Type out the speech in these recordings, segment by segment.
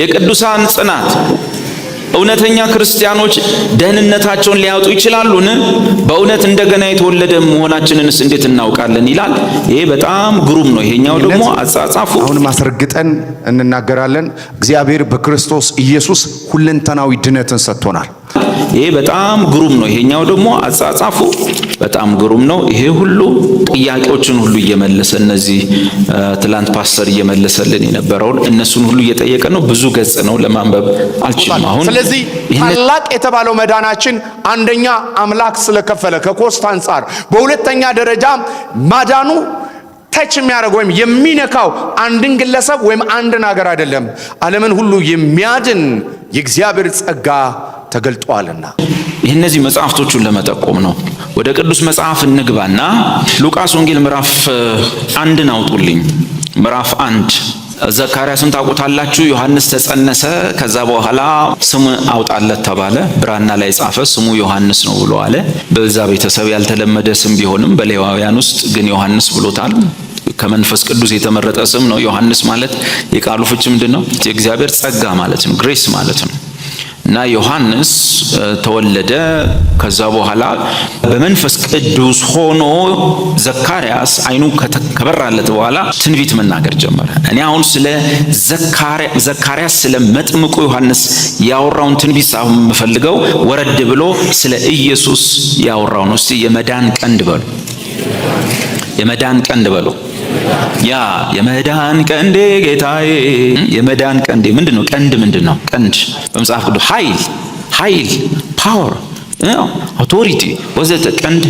የቅዱሳን ጽናት እውነተኛ ክርስቲያኖች ደህንነታቸውን ሊያጡ ይችላሉን? በእውነት እንደገና የተወለደ መሆናችንንስ እንዴት እናውቃለን? ይላል። ይሄ በጣም ግሩም ነው። ይሄኛው ደግሞ አጻጻፉ አሁን ማስረግጠን እንናገራለን። እግዚአብሔር በክርስቶስ ኢየሱስ ሁለንተናዊ ድነትን ሰጥቶናል። ይሄ በጣም ግሩም ነው። ይሄኛው ደግሞ አጻጻፉ በጣም ግሩም ነው። ይሄ ሁሉ ጥያቄዎችን ሁሉ እየመለሰ እነዚህ ትላንት ፓስተር እየመለሰልን የነበረውን እነሱን ሁሉ እየጠየቀ ነው። ብዙ ገጽ ነው፣ ለማንበብ አልችልም አሁን። ስለዚህ ታላቅ የተባለው መዳናችን አንደኛ አምላክ ስለከፈለ ከኮስት አንጻር፣ በሁለተኛ ደረጃ ማዳኑ ተች የሚያደርግ ወይም የሚነካው አንድን ግለሰብ ወይም አንድን ሀገር አይደለም፣ ዓለምን ሁሉ የሚያድን የእግዚአብሔር ጸጋ ተገልጧልና ይህ እነዚህ መጽሐፍቶቹን ለመጠቆም ነው። ወደ ቅዱስ መጽሐፍ እንግባና ሉቃስ ወንጌል ምዕራፍ አንድን አውጡልኝ። ምዕራፍ አንድ ዘካርያስን ታውቁታላችሁ። ዮሐንስ ተጸነሰ። ከዛ በኋላ ስም አውጣለት ተባለ። ብራና ላይ ጻፈ፣ ስሙ ዮሐንስ ነው ብሎ አለ። በዛ ቤተሰብ ያልተለመደ ስም ቢሆንም በሌዋውያን ውስጥ ግን ዮሐንስ ብሎታል። ከመንፈስ ቅዱስ የተመረጠ ስም ነው። ዮሐንስ ማለት የቃሉ ፍች ምንድን ነው? የእግዚአብሔር ጸጋ ማለት ነው። ግሬስ ማለት ነው። እና ዮሐንስ ተወለደ። ከዛ በኋላ በመንፈስ ቅዱስ ሆኖ ዘካርያስ አይኑ ከበራለት በኋላ ትንቢት መናገር ጀመረ። እኔ አሁን ስለ ዘካርያስ ስለ መጥምቁ ዮሐንስ ያወራውን ትንቢት ሳይሆን የምፈልገው ወረድ ብሎ ስለ ኢየሱስ ያወራውን። እስቲ የመዳን ቀንድ በሉ፣ የመዳን ቀንድ በሉ ያ የመዳን ቀንዴ ጌታዬ የመዳን ቀንዴ ምንድን ነው? ቀንድ ምንድን ነው? ቀንድ በመጽሐፍ ቅዱስ ኃይል፣ ኃይል ፓወር፣ አውቶሪቲ ወዘተ ቀንድ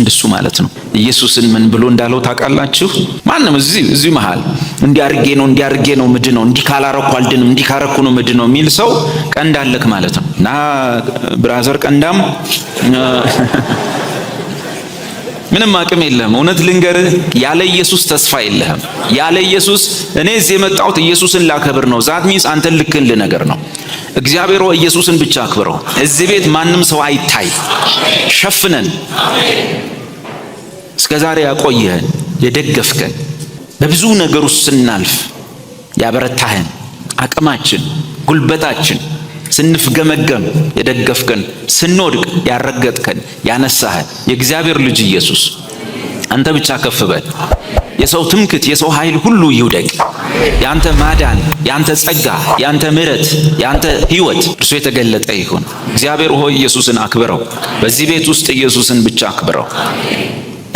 እንደሱ ማለት ነው። ኢየሱስን ምን ብሎ እንዳለው ታውቃላችሁ? ማንም እዚህ እዚህ መሃል እንዲያርጌ ነው እንዲያርጌ ነው ምድ ነው እንዲህ ካላረኩ አልድንም እንዲህ ካረኩ ነው ምድ ነው የሚል ሰው ቀንድ አለክ ማለት ነው። እና ብራዘር ቀንዳም ምንም አቅም የለህም። እውነት ልንገርህ፣ ያለ ኢየሱስ ተስፋ የለህም። ያለ ኢየሱስ እኔ እዚህ የመጣሁት ኢየሱስን ላከብር ነው። ዛት ሚንስ አንተን ልክን ልነገር ነው። እግዚአብሔር ኢየሱስን ብቻ አክብረው። እዚህ ቤት ማንም ሰው አይታይ፣ ሸፍነን፣ እስከ ዛሬ ያቆየህን፣ የደገፍከን፣ በብዙ ነገር ውስጥ ስናልፍ ያበረታህን፣ አቅማችን፣ ጉልበታችን ስንፍገመገም የደገፍከን፣ ስንወድቅ ያረገጥከን፣ ያነሳህን የእግዚአብሔር ልጅ ኢየሱስ አንተ ብቻ ከፍ በል። የሰው ትምክት፣ የሰው ኃይል ሁሉ ይውደቅ። ያንተ ማዳን፣ ያንተ ጸጋ፣ ያንተ ምሕረት፣ ያንተ ሕይወት እርሱ የተገለጠ ይሁን። እግዚአብሔር ሆይ ኢየሱስን አክብረው። በዚህ ቤት ውስጥ ኢየሱስን ብቻ አክብረው።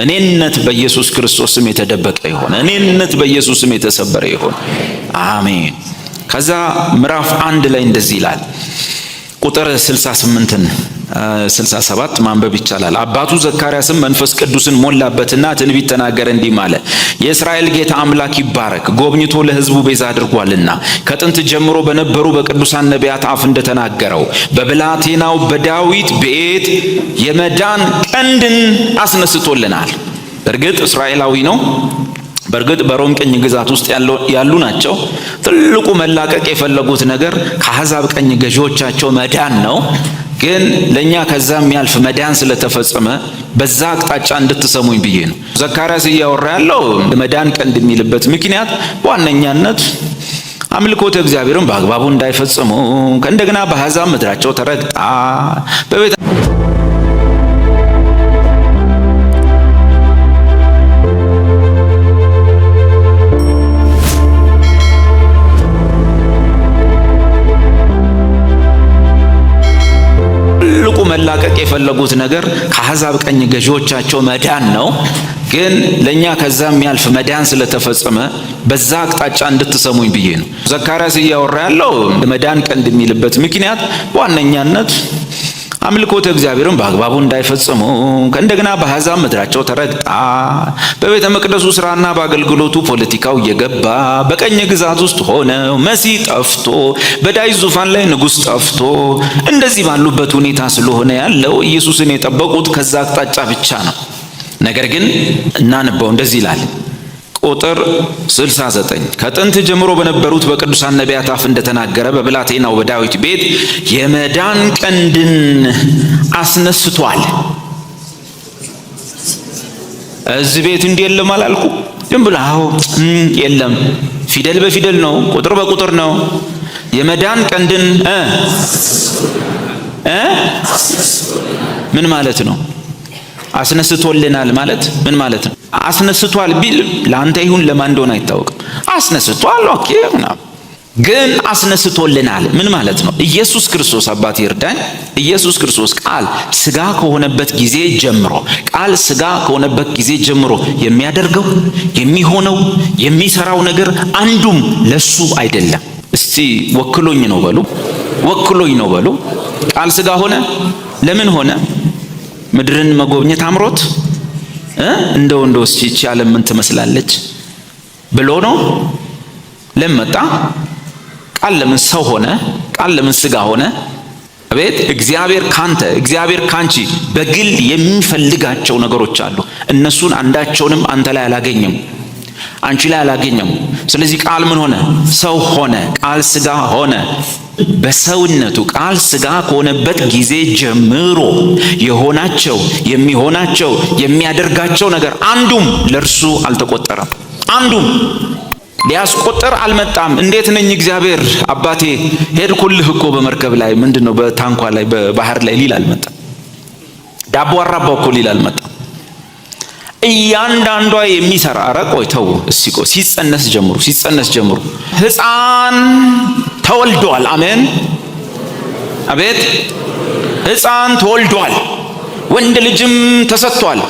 እኔነት በኢየሱስ ክርስቶስ ስም የተደበቀ ይሆን። እኔነት በኢየሱስ ስም የተሰበረ ይሆን። አሜን። ከዛ ምዕራፍ አንድ ላይ እንደዚህ ይላል ቁጥር 68ን 67 ማንበብ ይቻላል። አባቱ ዘካርያስም መንፈስ ቅዱስን ሞላበትና ትንቢት ተናገረ እንዲህም አለ። የእስራኤል ጌታ አምላክ ይባረክ፣ ጎብኝቶ ለሕዝቡ ቤዛ አድርጓልና ከጥንት ጀምሮ በነበሩ በቅዱሳን ነቢያት አፍ እንደተናገረው በብላቴናው በዳዊት ቤት የመዳን ቀንድን አስነስቶልናል። እርግጥ እስራኤላዊ ነው በእርግጥ በሮም ቅኝ ግዛት ውስጥ ያሉ ናቸው። ትልቁ መላቀቅ የፈለጉት ነገር ከአሕዛብ ቀኝ ገዢዎቻቸው መዳን ነው። ግን ለእኛ ከዛ የሚያልፍ መዳን ስለተፈጸመ በዛ አቅጣጫ እንድትሰሙኝ ብዬ ነው። ዘካርያስ እያወራ ያለው መዳን ቀንድ የሚልበት ምክንያት በዋነኛነት አምልኮተ እግዚአብሔርን በአግባቡ እንዳይፈጽሙ እንደገና በአሕዛብ ምድራቸው ተረግጣ በቤት ማስታወቅ የፈለጉት ነገር ከአሕዛብ ቀኝ ገዢዎቻቸው መዳን ነው። ግን ለእኛ ከዛ የሚያልፍ መዳን ስለተፈጸመ በዛ አቅጣጫ እንድትሰሙኝ ብዬ ነው። ዘካርያስ እያወራ ያለው መዳን ቀንድ የሚልበት ምክንያት በዋነኛነት አምልኮተ እግዚአብሔርን በአግባቡ እንዳይፈጽሙ ከእንደገና በአሕዛብ ምድራቸው ተረግጣ በቤተ መቅደሱ ስራና በአገልግሎቱ ፖለቲካው እየገባ በቀኝ ግዛት ውስጥ ሆነው መሲህ ጠፍቶ በዳይ ዙፋን ላይ ንጉሥ ጠፍቶ እንደዚህ ባሉበት ሁኔታ ስለሆነ ያለው ኢየሱስን የጠበቁት ከዛ አቅጣጫ ብቻ ነው። ነገር ግን እናንበው እንደዚህ ይላል። ቁጥር 69 ከጥንት ጀምሮ በነበሩት በቅዱሳን ነቢያት አፍ እንደተናገረ በብላቴናው በዳዊት ቤት የመዳን ቀንድን አስነስቷል። እዚህ ቤት እንዴ የለም አላልኩ። ዝም ብሎ አዎ የለም። ፊደል በፊደል ነው፣ ቁጥር በቁጥር ነው። የመዳን ቀንድን ምን ማለት ነው? አስነስቶልናል ማለት ምን ማለት ነው? አስነስቷል ቢል ለአንተ ይሁን ለማን እንደሆነ አይታወቅም። አስነስቷል ኦኬ ምናምን ግን አስነስቶልናል ምን ማለት ነው? ኢየሱስ ክርስቶስ አባት ይርዳኝ። ኢየሱስ ክርስቶስ ቃል ስጋ ከሆነበት ጊዜ ጀምሮ ቃል ስጋ ከሆነበት ጊዜ ጀምሮ የሚያደርገው የሚሆነው የሚሰራው ነገር አንዱም ለሱ አይደለም። እስቲ ወክሎኝ ነው በሉ፣ ወክሎኝ ነው በሉ። ቃል ስጋ ሆነ። ለምን ሆነ? ምድርን መጎብኘት አምሮት እንደው እንደው እስኪ ይቺ ዓለም ምን ትመስላለች ብሎ ነው። ለምን መጣ? ቃል ለምን ሰው ሆነ? ቃል ለምን ስጋ ሆነ? አቤት እግዚአብሔር ካንተ እግዚአብሔር ካንቺ በግል የሚፈልጋቸው ነገሮች አሉ። እነሱን አንዳቸውንም አንተ ላይ አላገኘም። አንቺ ላይ አላገኘም። ስለዚህ ቃል ምን ሆነ? ሰው ሆነ። ቃል ስጋ ሆነ። በሰውነቱ ቃል ስጋ ከሆነበት ጊዜ ጀምሮ የሆናቸው የሚሆናቸው የሚያደርጋቸው ነገር አንዱም ለእርሱ አልተቆጠረም። አንዱም ሊያስቆጥር አልመጣም። እንዴት ነኝ እግዚአብሔር አባቴ ሄድኩልህ እኮ በመርከብ ላይ ምንድን ነው በታንኳ ላይ በባህር ላይ ሊል አልመጣም። ዳቦ አራባው እኮ ሊል አልመጣም። እያንዳንዷ የሚሰራ ኧረ ቆይ ተው እስኪ ቆይ ሲጸነስ ጀምሩ ሲጸነስ ጀምሩ ህፃን ተወልዷል አሜን አቤት ህፃን ተወልዷል ወንድ ልጅም ተሰጥቷል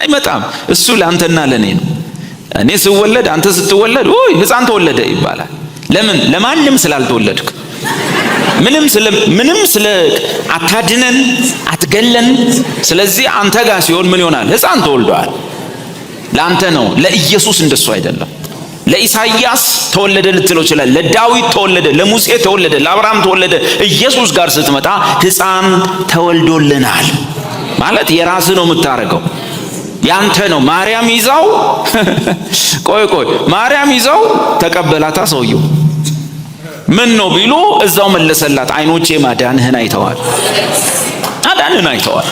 አይመጣም እሱ ለአንተና ለእኔ ነው እኔ ስወለድ አንተ ስትወለድ ውይ ህፃን ተወለደ ይባላል ለምን ለማንም ስላልተወለድክ ምንም ስለ ምንም ስለ አታድነን ገለን። ስለዚህ አንተ ጋር ሲሆን ምን ይሆናል? ህፃን ተወልደዋል። ለአንተ ነው። ለኢየሱስ እንደሱ አይደለም። ለኢሳይያስ ተወለደ ልትለው ይችላል። ለዳዊት ተወለደ፣ ለሙሴ ተወለደ፣ ለአብርሃም ተወለደ። ኢየሱስ ጋር ስትመጣ ህፃን ተወልዶልናል ማለት የራስ ነው የምታደርገው ያንተ ነው። ማርያም ይዛው ቆይ ቆይ ማርያም ይዛው ተቀበላታ። ሰውየው ምን ነው ቢሉ እዛው መለሰላት፣ አይኖቼ ማዳንህን አይተዋል። ቃልን አይተዋል።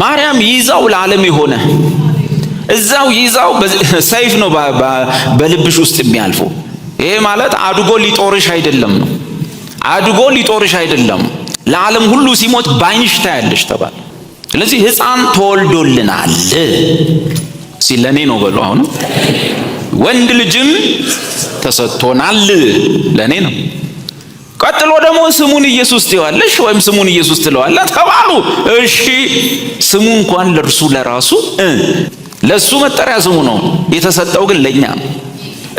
ማርያም ይዛው ለዓለም የሆነ እዛው ይዛው ሰይፍ ነው በልብሽ ውስጥ የሚያልፈው። ይሄ ማለት አድጎ ሊጦርሽ አይደለም ነው አድጎ ሊጦርሽ አይደለም። ለዓለም ሁሉ ሲሞት ባይንሽ ታያለሽ ተባለ። ስለዚህ ሕፃን ተወልዶልናል ሲል ለእኔ ነው በሉ። አሁንም ወንድ ልጅም ተሰጥቶናል ለእኔ ነው። ቀጥሎ ደግሞ ስሙን ኢየሱስ ትይዋለሽ ወይም ስሙን ኢየሱስ ትለዋለ ተባሉ። እሺ ስሙ እንኳን ለእርሱ ለራሱ ለእሱ መጠሪያ ስሙ ነው የተሰጠው፣ ግን ለእኛ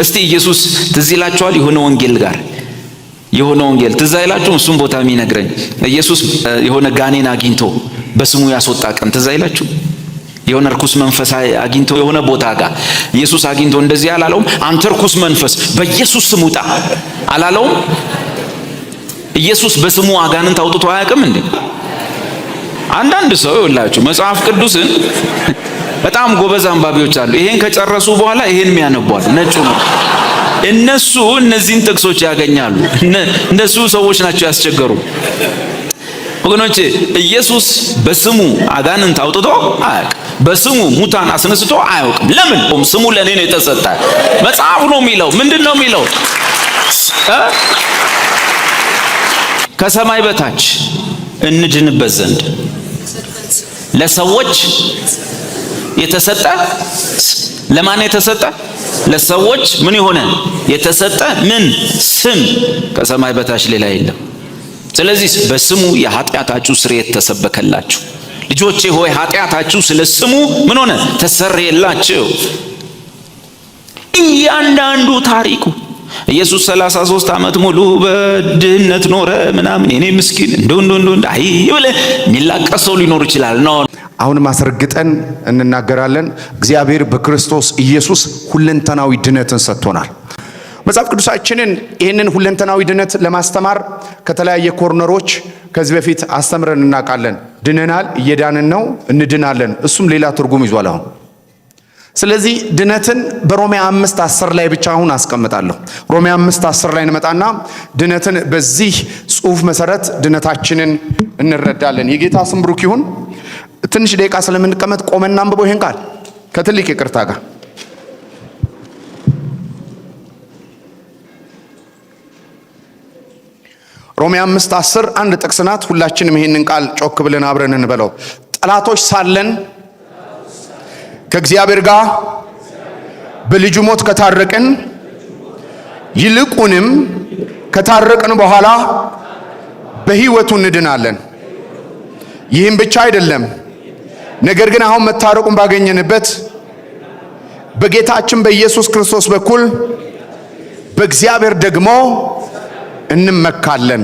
እስቲ ኢየሱስ ትዝ ይላችኋል? የሆነ ወንጌል ጋር የሆነ ወንጌል ትዝ አይላችሁም? እሱም ቦታ የሚነግረኝ ኢየሱስ የሆነ ጋኔን አግኝቶ በስሙ ያስወጣ ቀን ትዝ አይላችሁ? የሆነ እርኩስ መንፈስ አግኝቶ የሆነ ቦታ ጋር ኢየሱስ አግኝቶ እንደዚህ አላለውም? አንተ እርኩስ መንፈስ በኢየሱስ ስም ውጣ አላለውም? ኢየሱስ በስሙ አጋንንት አውጥቶ አያውቅም እንዴ? አንዳንድ ሰው ይውላችሁ መጽሐፍ ቅዱስን በጣም ጎበዝ አንባቢዎች አሉ። ይሄን ከጨረሱ በኋላ ይሄን የሚያነቧል ነጩ ነው። እነሱ እነዚህን ጥቅሶች ያገኛሉ። እነሱ ሰዎች ናቸው ያስቸገሩ። ወገኖቼ ኢየሱስ በስሙ አጋንንት አውጥቶ አያውቅም። በስሙ ሙታን አስነስቶ አያውቅም። ለምን? ስሙ ለኔ ነው የተሰጠ። መጽሐፍ ነው የሚለው ምንድን ነው የሚለው ከሰማይ በታች እንድንበት ዘንድ ለሰዎች የተሰጠ ለማን የተሰጠ ለሰዎች ምን የሆነ የተሰጠ ምን ስም ከሰማይ በታች ሌላ የለም። ስለዚህ በስሙ የኃጢአታችሁ ስርየት ተሰበከላችሁ። ልጆቼ ሆይ ኃጢአታችሁ ስለ ስሙ ምን ሆነ ተሰረየላችሁ። እያንዳንዱ ታሪኩ ኢየሱስ 33 ዓመት ሙሉ በድህነት ኖረ ምናምን እኔ ምስኪን እንዶ እንዶ እንዶ አይ ብለ የሚላቀስ ሊኖር ይችላል ነው። አሁን አስረግጠን እንናገራለን። እግዚአብሔር በክርስቶስ ኢየሱስ ሁለንተናዊ ድነትን ሰጥቶናል። መጽሐፍ ቅዱሳችንን ይህንን ሁለንተናዊ ድነት ለማስተማር ከተለያየ ኮርነሮች ከዚህ በፊት አስተምረን እናውቃለን። ድነናል፣ እየዳንን ነው፣ እንድናለን። እሱም ሌላ ትርጉም ይዟል አሁን ስለዚህ ድነትን በሮሜ አምስት አስር ላይ ብቻ አሁን አስቀምጣለሁ። ሮሜ አምስት አስር ላይ እንመጣና ድነትን በዚህ ጽሁፍ መሰረት ድነታችንን እንረዳለን። የጌታ ስም ብሩክ ይሁን። ትንሽ ደቂቃ ስለምንቀመጥ ቆመና አንብቦ ይህን ቃል ከትልቅ ይቅርታ ጋር ሮሜ አምስት አስር አንድ ጥቅስ ናት። ሁላችንም ይህንን ቃል ጮክ ብለን አብረን እንበለው። ጠላቶች ሳለን ከእግዚአብሔር ጋር በልጁ ሞት ከታረቅን ይልቁንም ከታረቅን በኋላ በሕይወቱ እንድናለን። ይህም ብቻ አይደለም፣ ነገር ግን አሁን መታረቁን ባገኘንበት በጌታችን በኢየሱስ ክርስቶስ በኩል በእግዚአብሔር ደግሞ እንመካለን።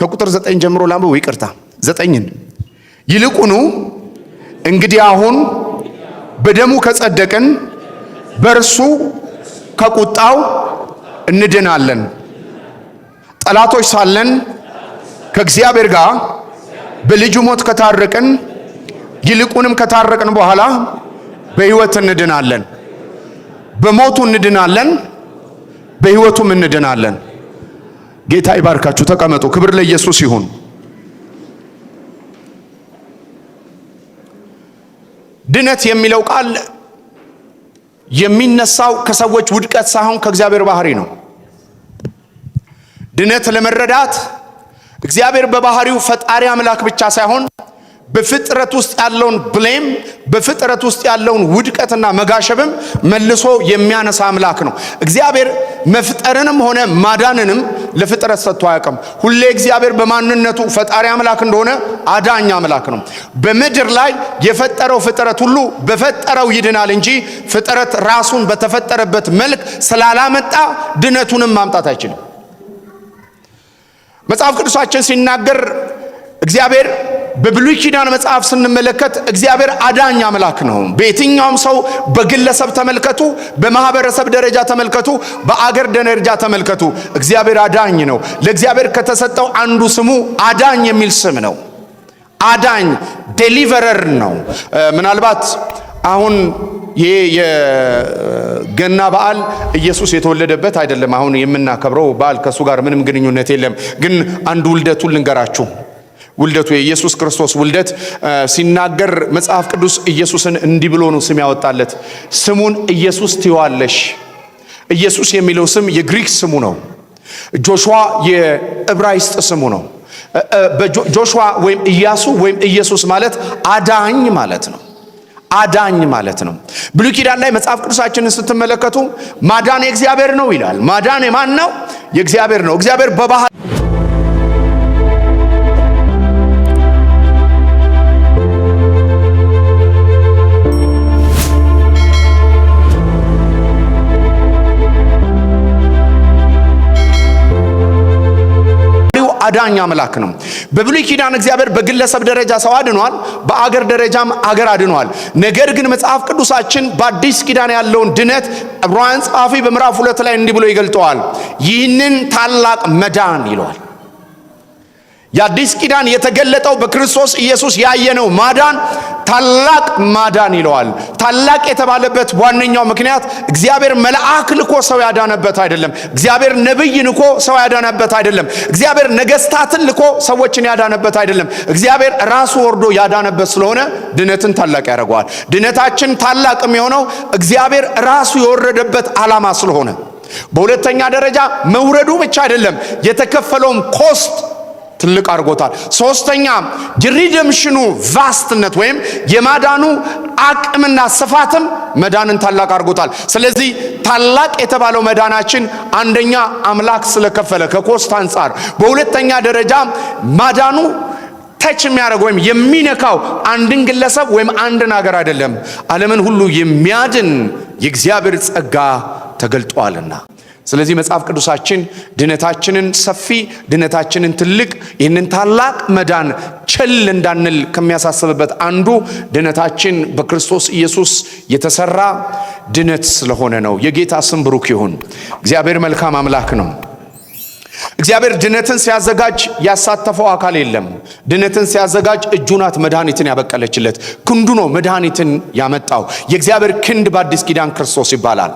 ከቁጥር ዘጠኝ ጀምሮ ላንብብ። ይቅርታ ዘጠኝን ይልቁኑ እንግዲህ አሁን በደሙ ከጸደቅን በእርሱ ከቁጣው እንድናለን። ጠላቶች ሳለን ከእግዚአብሔር ጋር በልጁ ሞት ከታረቅን ይልቁንም ከታረቅን በኋላ በሕይወት እንድናለን። በሞቱ እንድናለን፣ በሕይወቱም እንድናለን። ጌታ ይባርካችሁ። ተቀመጡ። ክብር ለኢየሱስ ይሁን። ድነት የሚለው ቃል የሚነሳው ከሰዎች ውድቀት ሳይሆን ከእግዚአብሔር ባህሪ ነው። ድነት ለመረዳት እግዚአብሔር በባህሪው ፈጣሪ አምላክ ብቻ ሳይሆን በፍጥረት ውስጥ ያለውን ብሌም በፍጥረት ውስጥ ያለውን ውድቀትና መጋሸብም መልሶ የሚያነሳ አምላክ ነው። እግዚአብሔር መፍጠርንም ሆነ ማዳንንም ለፍጥረት ሰጥቶ አያውቅም። ሁሌ እግዚአብሔር በማንነቱ ፈጣሪ አምላክ እንደሆነ አዳኝ አምላክ ነው። በምድር ላይ የፈጠረው ፍጥረት ሁሉ በፈጠረው ይድናል እንጂ ፍጥረት ራሱን በተፈጠረበት መልክ ስላላመጣ ድነቱንም ማምጣት አይችልም። መጽሐፍ ቅዱሳችን ሲናገር እግዚአብሔር በብሉይ ኪዳን መጽሐፍ ስንመለከት እግዚአብሔር አዳኝ አምላክ ነው። በየትኛውም ሰው በግለሰብ ተመልከቱ፣ በማህበረሰብ ደረጃ ተመልከቱ፣ በአገር ደረጃ ተመልከቱ። እግዚአብሔር አዳኝ ነው። ለእግዚአብሔር ከተሰጠው አንዱ ስሙ አዳኝ የሚል ስም ነው። አዳኝ ዴሊቨረር ነው። ምናልባት አሁን ይሄ የገና በዓል ኢየሱስ የተወለደበት አይደለም። አሁን የምናከብረው በዓል ከእሱ ጋር ምንም ግንኙነት የለም። ግን አንድ ውልደቱን ልንገራችሁ። ውልደቱ የኢየሱስ ክርስቶስ ውልደት ሲናገር መጽሐፍ ቅዱስ ኢየሱስን እንዲህ ብሎ ነው ስም ያወጣለት። ስሙን ኢየሱስ ትይዋለሽ። ኢየሱስ የሚለው ስም የግሪክ ስሙ ነው። ጆሹዋ የዕብራይስጥ ስሙ ነው። ጆሹዋ ወይም ኢያሱ ወይም ኢየሱስ ማለት አዳኝ ማለት ነው። አዳኝ ማለት ነው። ብሉይ ኪዳን ላይ መጽሐፍ ቅዱሳችንን ስትመለከቱ ማዳን የእግዚአብሔር ነው ይላል። ማዳን የማን ነው? የእግዚአብሔር ነው። እግዚአብሔር በባህል አዳኝ አምላክ ነው። በብሉይ ኪዳን እግዚአብሔር በግለሰብ ደረጃ ሰው አድኗል፣ በአገር ደረጃም አገር አድኗል። ነገር ግን መጽሐፍ ቅዱሳችን በአዲስ ኪዳን ያለውን ድነት ዕብራውያን ጸሐፊ በምዕራፍ ሁለት ላይ እንዲህ ብሎ ይገልጠዋል። ይህንን ታላቅ መዳን ይለዋል የአዲስ ኪዳን የተገለጠው በክርስቶስ ኢየሱስ ያየነው ማዳን ታላቅ ማዳን ይለዋል። ታላቅ የተባለበት ዋነኛው ምክንያት እግዚአብሔር መልአክ ልኮ ሰው ያዳነበት አይደለም። እግዚአብሔር ነቢይ ልኮ ሰው ያዳነበት አይደለም። እግዚአብሔር ነገስታትን ልኮ ሰዎችን ያዳነበት አይደለም። እግዚአብሔር ራሱ ወርዶ ያዳነበት ስለሆነ ድነትን ታላቅ ያደርገዋል። ድነታችን ታላቅ የሚሆነው እግዚአብሔር ራሱ የወረደበት ዓላማ ስለሆነ፣ በሁለተኛ ደረጃ መውረዱ ብቻ አይደለም የተከፈለውም ኮስት ትልቅ አድርጎታል። ሶስተኛ የሪደምሽኑ ቫስትነት ወይም የማዳኑ አቅምና ስፋትም መዳንን ታላቅ አድርጎታል። ስለዚህ ታላቅ የተባለው መዳናችን አንደኛ አምላክ ስለከፈለ ከኮስት አንጻር፣ በሁለተኛ ደረጃ ማዳኑ ተች የሚያደርግ ወይም የሚነካው አንድን ግለሰብ ወይም አንድን ሀገር አይደለም፣ አለምን ሁሉ የሚያድን የእግዚአብሔር ጸጋ ተገልጧልና ስለዚህ መጽሐፍ ቅዱሳችን ድነታችንን ሰፊ ድነታችንን ትልቅ ይህንን ታላቅ መዳን ቸል እንዳንል ከሚያሳስብበት አንዱ ድነታችን በክርስቶስ ኢየሱስ የተሰራ ድነት ስለሆነ ነው። የጌታ ስም ብሩክ ይሁን። እግዚአብሔር መልካም አምላክ ነው። እግዚአብሔር ድነትን ሲያዘጋጅ ያሳተፈው አካል የለም። ድነትን ሲያዘጋጅ እጁናት መድኃኒትን ያበቀለችለት፣ ክንዱ ነው መድኃኒትን ያመጣው። የእግዚአብሔር ክንድ በአዲስ ኪዳን ክርስቶስ ይባላል።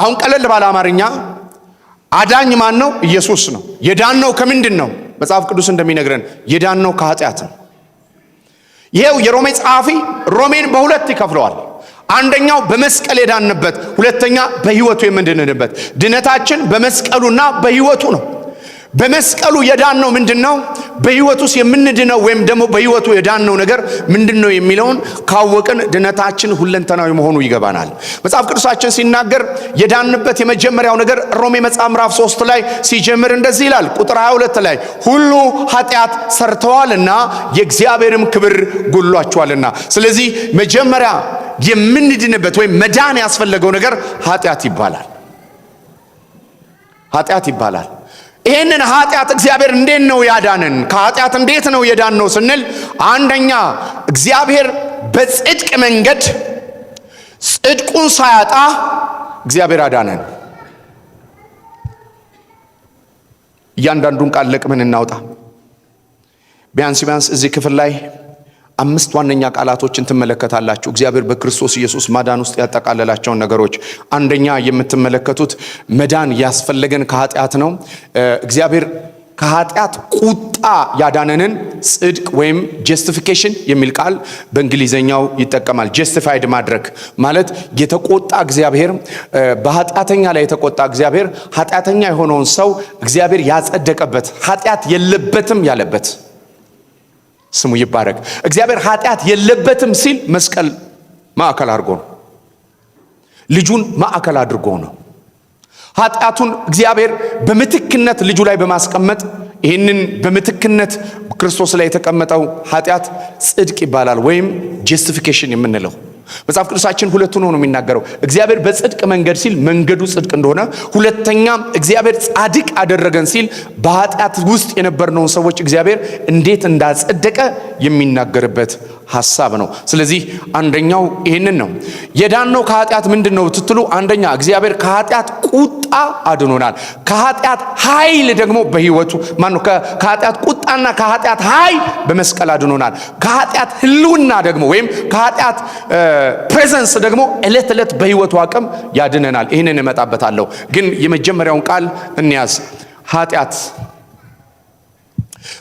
አሁን ቀለል ባለ አማርኛ አዳኝ ማን ነው? ኢየሱስ ነው። የዳን ነው ከምንድን ነው? መጽሐፍ ቅዱስ እንደሚነግረን የዳን ነው ከኃጢአት ነው። ይሄው የሮሜ ጸሐፊ ሮሜን በሁለት ይከፍለዋል። አንደኛው በመስቀል የዳንበት፣ ሁለተኛ በሕይወቱ የምንድንንበት። ድነታችን በመስቀሉና በሕይወቱ ነው። በመስቀሉ የዳነው ምንድን ነው? በህይወት ውስጥ የምንድነው ወይም ደግሞ በህይወቱ የዳነው ነገር ምንድን ነው የሚለውን ካወቅን ድነታችን ሁለንተናዊ መሆኑ ይገባናል። መጽሐፍ ቅዱሳችን ሲናገር የዳንበት የመጀመሪያው ነገር ሮሜ መጽሐፍ ምዕራፍ 3 ላይ ሲጀምር እንደዚህ ይላል፣ ቁጥር 22 ላይ ሁሉ ኃጢአት ሰርተዋልና የእግዚአብሔርም ክብር ጎሏቸዋልና። ስለዚህ መጀመሪያ የምንድንበት ወይም መዳን ያስፈለገው ነገር ኃጢአት ይባላል። ኃጢአት ይባላል። ይህንን ኃጢአት እግዚአብሔር እንዴት ነው ያዳንን? ከኃጢአት እንዴት ነው የዳን ነው ስንል አንደኛ እግዚአብሔር በጽድቅ መንገድ ጽድቁን ሳያጣ እግዚአብሔር አዳነን። እያንዳንዱን ቃል ለቅመን እናውጣ። ቢያንስ ቢያንስ እዚህ ክፍል ላይ አምስት ዋነኛ ቃላቶችን ትመለከታላችሁ። እግዚአብሔር በክርስቶስ ኢየሱስ ማዳን ውስጥ ያጠቃለላቸውን ነገሮች አንደኛ የምትመለከቱት መዳን ያስፈለገን ከኃጢአት ነው። እግዚአብሔር ከኃጢአት ቁጣ ያዳነንን ጽድቅ ወይም ጀስቲፊኬሽን የሚል ቃል በእንግሊዘኛው ይጠቀማል። ጀስቲፋይድ ማድረግ ማለት የተቆጣ እግዚአብሔር በኃጢአተኛ ላይ የተቆጣ እግዚአብሔር ኃጢአተኛ የሆነውን ሰው እግዚአብሔር ያጸደቀበት ኃጢአት የለበትም ያለበት ስሙ ይባረክ። እግዚአብሔር ኃጢአት የለበትም ሲል መስቀል ማዕከል አድርጎ ነው። ልጁን ማዕከል አድርጎ ነው። ኃጢአቱን እግዚአብሔር በምትክነት ልጁ ላይ በማስቀመጥ ይህንን በምትክነት ክርስቶስ ላይ የተቀመጠው ኃጢአት ጽድቅ ይባላል ወይም ጀስቲፊኬሽን የምንለው መጽሐፍ ቅዱሳችን ሁለቱን ነው የሚናገረው። እግዚአብሔር በጽድቅ መንገድ ሲል መንገዱ ጽድቅ እንደሆነ፣ ሁለተኛም እግዚአብሔር ጻድቅ አደረገን ሲል በኃጢአት ውስጥ የነበርነውን ሰዎች እግዚአብሔር እንዴት እንዳጸደቀ የሚናገርበት ሐሳብ ነው። ስለዚህ አንደኛው ይህንን ነው። የዳነው ከኃጢአት ምንድን ነው ትትሉ፣ አንደኛ እግዚአብሔር ከኃጢአት ቁጣ አድኖናል። ከኃጢአት ኃይል ደግሞ በህይወቱ ነው? ከኃጢአት ቁጣና ከኃጢአት ኃይል በመስቀል አድኖናል። ከኃጢአት ህልውና ደግሞ ወይም ከኃጢአት ፕሬዘንስ ደግሞ እለት ዕለት በህይወቱ አቅም ያድነናል። ይህንን እመጣበታለሁ፣ ግን የመጀመሪያውን ቃል እንያዝ። ኃጢአት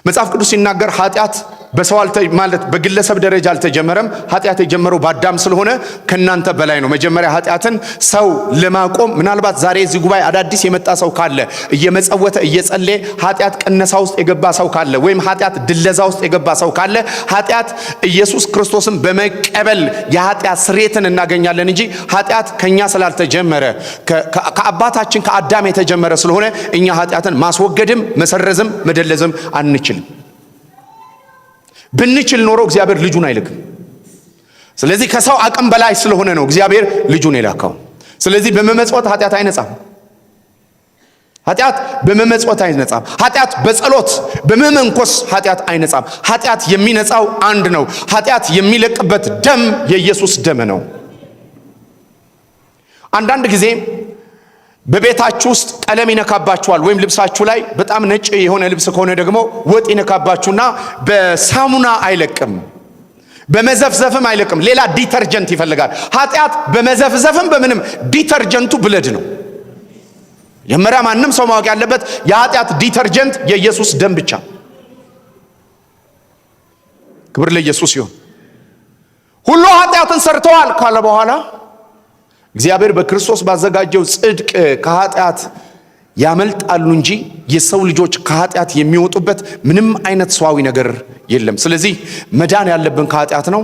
መጽሐፍ ቅዱስ ሲናገር ኃጢአት በሰው ማለት በግለሰብ ደረጃ አልተጀመረም። ኃጢአት የጀመረው በአዳም ስለሆነ ከእናንተ በላይ ነው። መጀመሪያ ኃጢአትን ሰው ለማቆም ምናልባት ዛሬ እዚህ ጉባኤ አዳዲስ የመጣ ሰው ካለ እየመጸወተ እየጸሌ ኃጢአት ቅነሳ ውስጥ የገባ ሰው ካለ ወይም ኃጢአት ድለዛ ውስጥ የገባ ሰው ካለ ኃጢአት ኢየሱስ ክርስቶስን በመቀበል የኃጢአት ስሬትን እናገኛለን እንጂ ኃጢአት ከኛ ስላልተጀመረ ከአባታችን ከአዳም የተጀመረ ስለሆነ እኛ ኃጢአትን ማስወገድም መሰረዝም መደለዝም አንችልም። ብንችል ኖሮ እግዚአብሔር ልጁን አይልክም። ስለዚህ ከሰው አቅም በላይ ስለሆነ ነው እግዚአብሔር ልጁን የላከው። ስለዚህ በመመጽወት ኃጢአት አይነጻም። ኃጢአት በመመጽወት አይነጻም። ኃጢአት በጸሎት በመመንኮስ ኃጢአት አይነጻም። ኃጢአት የሚነጻው አንድ ነው። ኃጢአት የሚለቅበት ደም የኢየሱስ ደም ነው። አንዳንድ ጊዜ በቤታችሁ ውስጥ ቀለም ይነካባችኋል፣ ወይም ልብሳችሁ ላይ በጣም ነጭ የሆነ ልብስ ከሆነ ደግሞ ወጥ ይነካባችሁና በሳሙና አይለቅም፣ በመዘፍዘፍም አይለቅም። ሌላ ዲተርጀንት ይፈልጋል። ኃጢአት በመዘፍዘፍም በምንም ዲተርጀንቱ ብለድ ነው። መጀመሪያ ማንም ሰው ማወቅ ያለበት የኃጢአት ዲተርጀንት የኢየሱስ ደም ብቻ። ክብር ለኢየሱስ ይሁን። ሁሉ ኃጢአትን ሰርተዋል ካለ በኋላ እግዚአብሔር በክርስቶስ ባዘጋጀው ጽድቅ ከኃጢአት ያመልጣሉ እንጂ የሰው ልጆች ከኃጢአት የሚወጡበት ምንም አይነት ሰዋዊ ነገር የለም። ስለዚህ መዳን ያለብን ከኃጢአት ነው።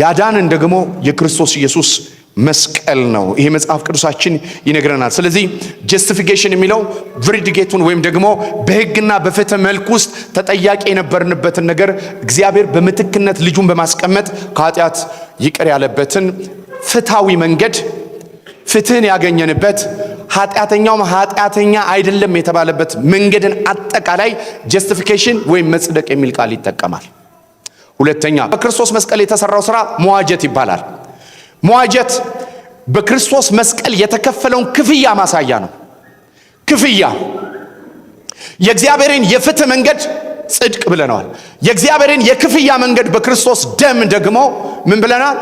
ያዳንን ደግሞ የክርስቶስ ኢየሱስ መስቀል ነው። ይሄ መጽሐፍ ቅዱሳችን ይነግረናል። ስለዚህ ጀስቲፊኬሽን የሚለው ቨርዲጌቱን ወይም ደግሞ በሕግና በፍትህ መልክ ውስጥ ተጠያቂ የነበርንበትን ነገር እግዚአብሔር በምትክነት ልጁን በማስቀመጥ ከኃጢአት ይቅር ያለበትን ፍትሐዊ መንገድ ፍትህን ያገኘንበት ኃጢአተኛውም ኃጢአተኛ አይደለም የተባለበት መንገድን አጠቃላይ ጀስቲፊኬሽን ወይም መጽደቅ የሚል ቃል ይጠቀማል። ሁለተኛ በክርስቶስ መስቀል የተሰራው ስራ መዋጀት ይባላል። መዋጀት በክርስቶስ መስቀል የተከፈለውን ክፍያ ማሳያ ነው። ክፍያ የእግዚአብሔርን የፍትህ መንገድ ጽድቅ ብለነዋል። የእግዚአብሔርን የክፍያ መንገድ በክርስቶስ ደም ደግሞ ምን ብለናል?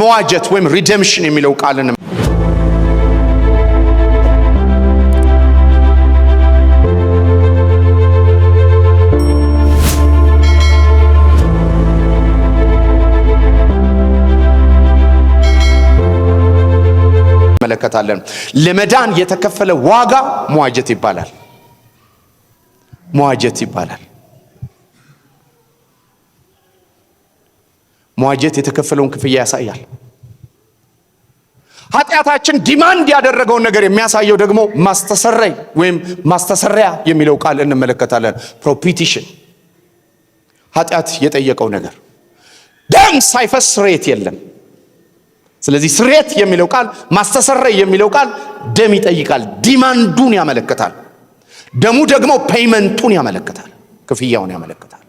መዋጀት ወይም ሪደምሽን የሚለው ቃልንም እንመለከታለን። ለመዳን የተከፈለ ዋጋ መዋጀት ይባላል። መዋጀት ይባላል። መዋጀት የተከፈለውን ክፍያ ያሳያል። ኃጢአታችን ዲማንድ ያደረገውን ነገር የሚያሳየው ደግሞ ማስተሰረይ ወይም ማስተሰሪያ የሚለው ቃል እንመለከታለን። ፕሮፒቲሽን ኃጢአት የጠየቀው ነገር ደም ሳይፈስ ስሬት የለም። ስለዚህ ስሬት የሚለው ቃል ማስተሰረይ የሚለው ቃል ደም ይጠይቃል፣ ዲማንዱን ያመለክታል። ደሙ ደግሞ ፔይመንቱን ያመለክታል፣ ክፍያውን ያመለክታል።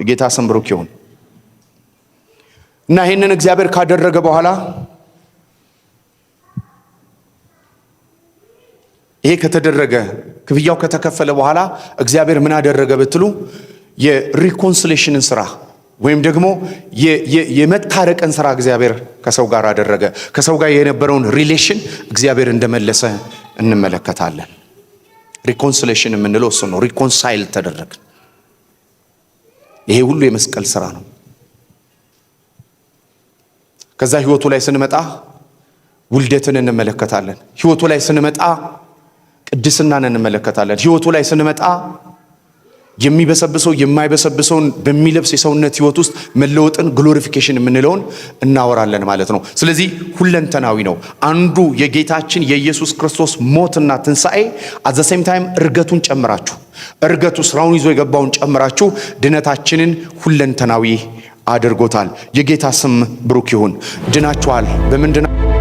የጌታ ስም ብሩክ ይሁን። እና ይህንን እግዚአብሔር ካደረገ በኋላ ይሄ ከተደረገ ክፍያው ከተከፈለ በኋላ እግዚአብሔር ምን አደረገ ብትሉ የሪኮንስሌሽንን ስራ ወይም ደግሞ የመታረቅን ስራ እግዚአብሔር ከሰው ጋር አደረገ። ከሰው ጋር የነበረውን ሪሌሽን እግዚአብሔር እንደመለሰ እንመለከታለን። ሪኮንስሌሽን የምንለው እሱ ነው። ሪኮንሳይል ተደረግ። ይሄ ሁሉ የመስቀል ስራ ነው። ከዛ ህይወቱ ላይ ስንመጣ ውልደትን እንመለከታለን። ህይወቱ ላይ ስንመጣ ቅድስናን እንመለከታለን። ህይወቱ ላይ ስንመጣ የሚበሰብሰው የማይበሰብሰውን በሚለብስ የሰውነት ህይወት ውስጥ መለወጥን ግሎሪፊኬሽን የምንለውን እናወራለን ማለት ነው። ስለዚህ ሁለንተናዊ ነው። አንዱ የጌታችን የኢየሱስ ክርስቶስ ሞትና ትንሣኤ አዘሴም ታይም እርገቱን ጨምራችሁ እርገቱ ስራውን ይዞ የገባውን ጨምራችሁ ድነታችንን ሁለንተናዊ አድርጎታል። የጌታ ስም ብሩክ ይሁን። ድናችኋል። በምንድና